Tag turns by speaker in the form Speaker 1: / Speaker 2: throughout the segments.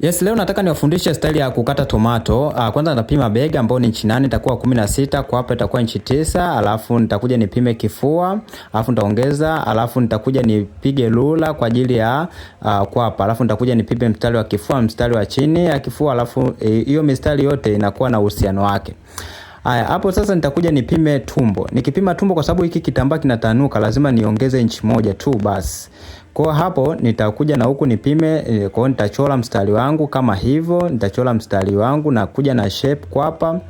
Speaker 1: Yes, leo nataka niwafundishe staili ya kukata tomato. Ah, kwanza nitapima bega ambao ni inchi nane itakuwa kumi na sita kwa hapa itakuwa inchi tisa alafu nitakuja nipime kifua, alafu nitaongeza, alafu nitakuja nipige lula kwa ajili ya uh, kwa hapa, alafu nitakuja nipime mstari wa kifua, mstari wa chini ya kifua, alafu eh, hiyo e, mistari yote inakuwa na uhusiano wake. Aya, hapo sasa nitakuja nipime tumbo. Nikipima tumbo kwa sababu hiki kitambaa kinatanuka, lazima niongeze inchi moja tu basi. Kwa hapo nitakuja na huku nipime, eh, kwa hiyo nitachora mstari wangu kama hivyo, nitachora mstari wangu na kuja na shape kwa hapa.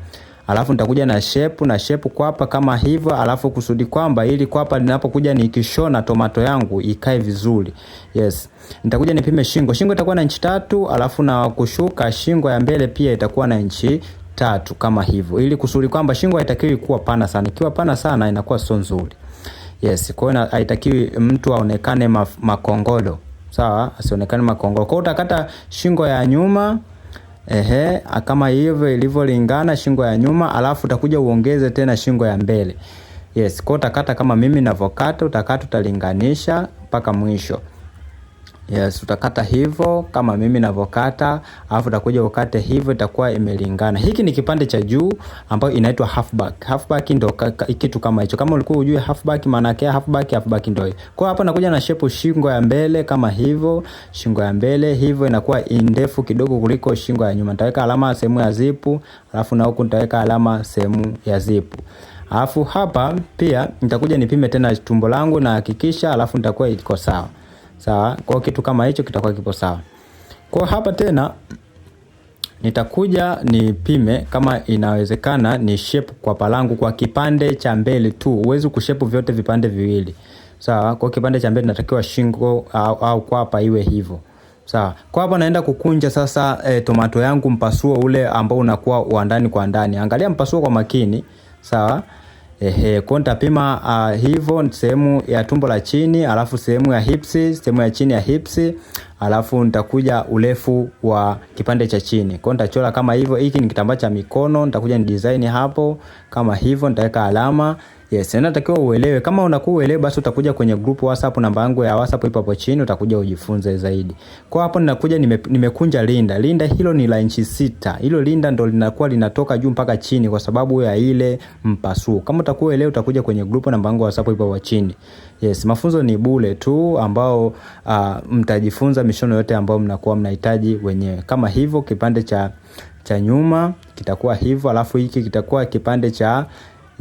Speaker 1: Alafu nitakuja na shape na shape kwa hapa kama hivyo, alafu kusudi kwamba ili kwa hapa ninapokuja nikishona tomato yangu ikae vizuri. Yes. Nitakuja nipime shingo. Shingo itakuwa na inchi tatu, alafu na kushuka shingo ya mbele pia itakuwa na inchi tatu kama hivyo, ili kusudi kwamba shingo haitakiwi kuwa pana sana. Ikiwa pana sana inakuwa sio nzuri. Yes, kwa hiyo haitakiwi mtu aonekane makongolo. Sawa, asionekane makongolo. Kwa hiyo utakata shingo ya nyuma ehe, kama hivyo ilivyolingana shingo ya nyuma, alafu utakuja uongeze tena shingo ya mbele. Yes, kwa hiyo utakata kama mimi ninavyokata, utakata utalinganisha mpaka mwisho. Yes, utakata hivyo kama mimi ninavyokata, alafu utakuja ukate hivyo, itakuwa imelingana. Hiki ni kipande cha juu ambayo inaitwa half back. Half back ndio kitu kama hicho. Kama ulikuwa unajua half back maana yake half back, half back ndio. Kwa hapa nakuja na shape shingo ya mbele kama hivyo, shingo ya mbele hivyo inakuwa ndefu kidogo kuliko shingo ya nyuma. Nitaweka alama sehemu ya zipu, alafu na huku nitaweka alama sehemu ya zipu. Alafu hapa pia nitakuja nipime tena tumbo langu na hakikisha, alafu nitakuwa iko sawa. Sawa, kwa kitu kama hicho kitakuwa kipo sawa. Kwa hapa tena nitakuja nipime kama inawezekana ni shape kwa palangu kwa kipande cha mbele tu. Huwezi kushape vyote vipande viwili. Sawa, kwa kipande cha mbele natakiwa shingo au, au kwa hapa iwe hivyo. Sawa. Kwa hapa naenda kukunja sasa e, tomato yangu mpasuo ule ambao unakuwa wa ndani kwa ndani. Angalia mpasuo kwa makini. Sawa. Ehe, kwa nitapima uh, hivyo sehemu ya tumbo la chini, alafu sehemu ya hips, sehemu ya chini ya hips alafu nitakuja urefu wa kipande cha chini. Kwa nitachora kama hivyo, hiki ni kitambaa cha mikono, nitakuja ni design hapo kama hivyo, nitaweka alama. Yes, natakiwa uelewe. Kama unakuwa uelewe basi utakuja kwenye group WhatsApp, namba yangu ya WhatsApp ipo hapo chini, utakuja ujifunze zaidi. Kwa hapo ninakuja nime, nimekunja linda. Linda hilo ni la inchi sita. Hilo linda ndo linakuwa linatoka juu mpaka chini kwa sababu ya ile mpasuo. Kama utakuwa uelewe utakuja kwenye group, namba yangu ya WhatsApp ipo hapo chini. Yes, mafunzo ni bule tu ambao uh, mtajifunza mishono yote ambao mnakuwa mnahitaji wenyewe. Kama hivyo kipande cha, cha nyuma kitakuwa hivyo, alafu hiki kitakuwa kipande cha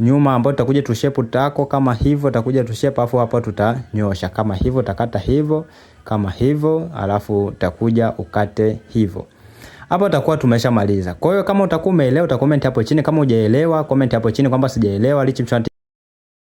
Speaker 1: nyuma ambao tutakuja tu shape utako kama hivyo, tutakuja tu shape alafu hapa tutanyosha kama hivyo, utakata hivyo kama hivyo, alafu utakuja ukate hivyo. Hapa tutakuwa tumeshamaliza. Kwa hiyo kama utakuwa umeelewa, utakomenti hapo chini. Kama hujaelewa, komenti hapo chini kwamba sijaelewa lichi